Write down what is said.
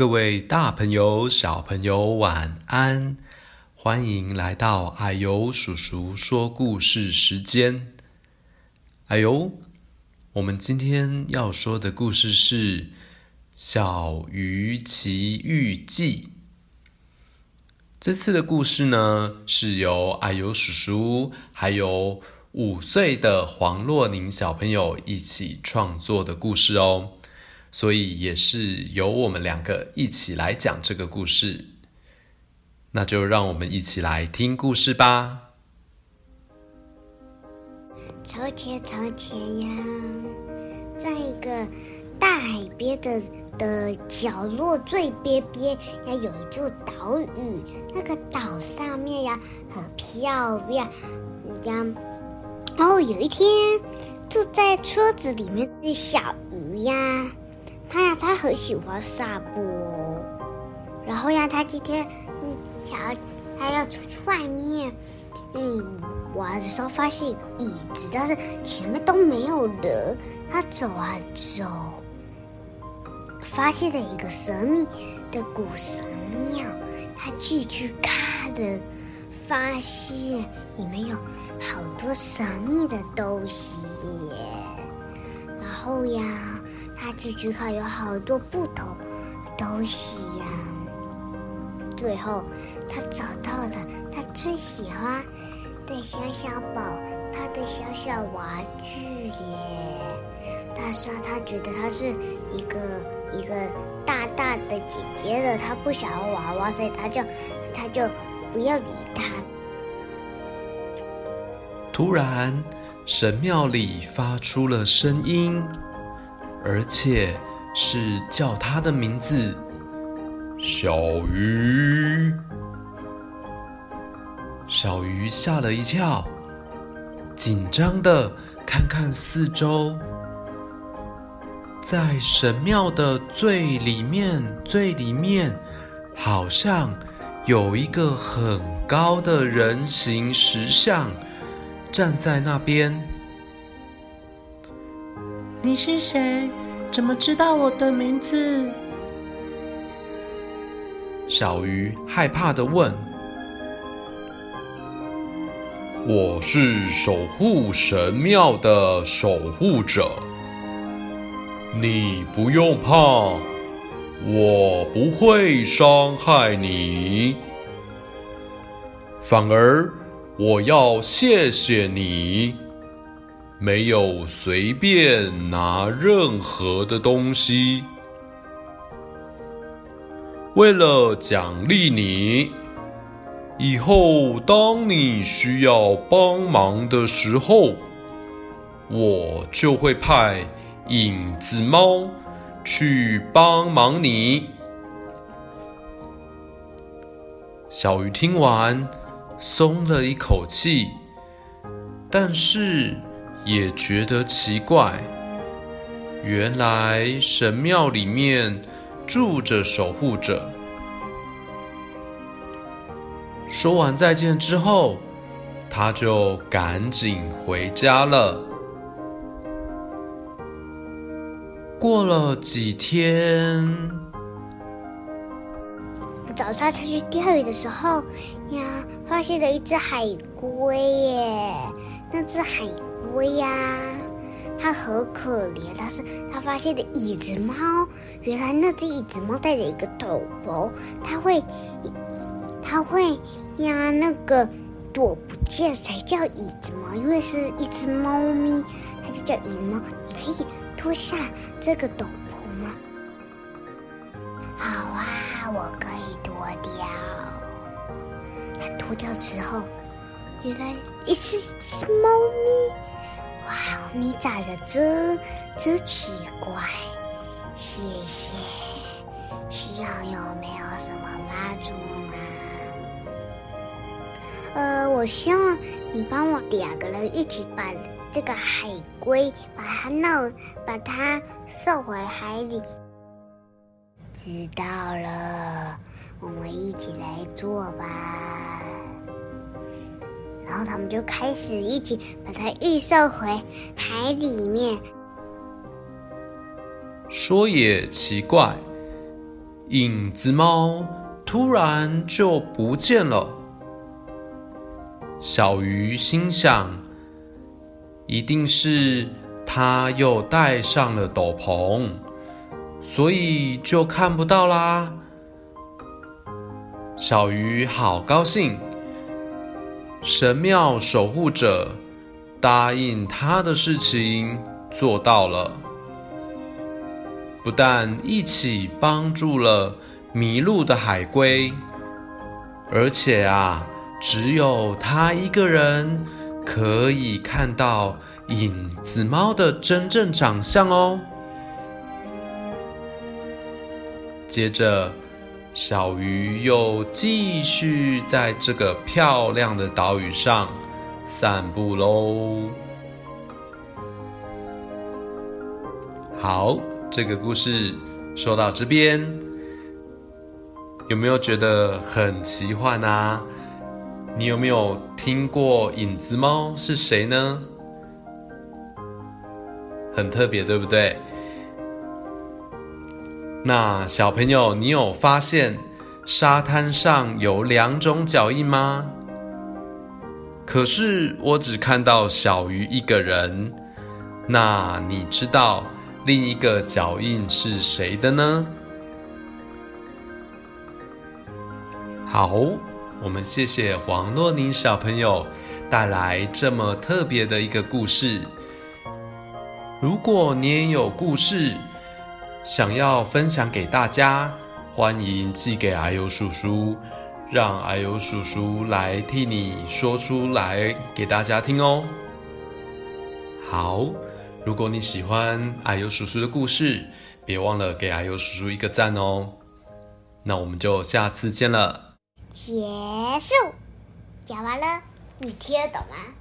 各位大朋友、小朋友，晚安！歡迎來到啊呦叔叔說故事時間。啊呦，我們今天要說的故事是《小魚奇遇記》。這次的故事呢，是由啊呦叔叔還有五歲的黃珞甯小朋友一起創作的故事哦。所以也是由我們兩個一起來講這個故事，那就讓我們一起來聽故事吧。從前，從前呀，在一個大海邊的的角落最邊邊，呀有一座島嶼。那個島上面呀很漂亮，呀，然後、哦、有一天，住在車子裡面的小魚呀。他很喜歡散步，然後呀，他今天嗯想要他要出去外面嗯玩的時候，發現椅子，但是前面都沒有人。他走啊走，發現了一個神秘的古神廟，他繼續看了，發現裡面有好多神秘的東西。然後呀。他去去卡有好多不同東西呀、啊。最後，他找到了他最喜歡的小小寶，他的小小玩具耶。他說、啊、他覺得他是一個一個大大的姐姐了，他不想要娃娃，所以他就，他就不要理他。突然，神廟裡發出了聲音。而且是叫他的名字，小魚。小魚嚇了一跳，緊張地看看四周，在神廟的最裡面，最裡面好像有一個很高的人形石像站在那邊。你是誰？怎麼知道我的名字？小魚害怕地問：“我是守護神廟的守護者，你不用怕，我不會傷害你，反而我要謝謝你。”沒有隨便拿任何的東西。為了獎勵你，以後當你需要幫忙的時候，我就會派影子貓去幫忙你。小魚聽完，鬆了一口氣，但是，也覺得奇怪，原來神廟裡面住着守護者。說完再見之後，他就趕緊回家了。過了幾天。早上他去釣魚的時候呀，發現了一只海龜耶！那只海龜呀、啊，它很可憐。但是，他發現的影子貓，原來那只影子貓帶着一個斗篷，它會，它會呀，那個躲不見才叫影子貓，因為是一隻貓咪，它就叫影子貓。你可以脫下這個斗篷。脫掉之後，原來一隻、欸、貓咪！哇，你長得真真奇怪！謝謝。需要有沒有什麼幫助嗎？呃，我希望你幫我兩個人一起把這個海龜，把它弄，把它送回海裡。知道了，我們一起來做吧。然後他們就開始一起把它運送回海裡面。說也奇怪，影子貓突然就不見了。小魚心想，一定是他又戴上了斗篷，所以就看不到啦。小魚好高興。神廟守護者答應他的事情做到了，不但一起幫助了迷路的海龜，而且啊，只有他一個人可以看到影子貓的真正長相哦。接着。小魚又繼續在這個漂亮的島嶼上散步嘍。好，這個故事說到這邊，有沒有覺得很奇幻啊？你有沒有聽過影子貓是誰呢？很特別，對不對？那小朋友，你有發現沙灘上有兩種腳印嗎？可是我只看到小魚一個人，那你知道另一個腳印是誰的呢？好，我們謝謝黃珞甯小朋友帶來這麼特別的一個故事。如果你也有故事，想要分享給大家，歡迎寄給啊呦叔叔，讓啊呦叔叔來替你說出來給大家聽哦。好，如果你喜歡啊呦叔叔的故事，別忘了給啊呦叔叔一個讚哦。那我們就下次見了。結束，講完了，你聽得懂嗎？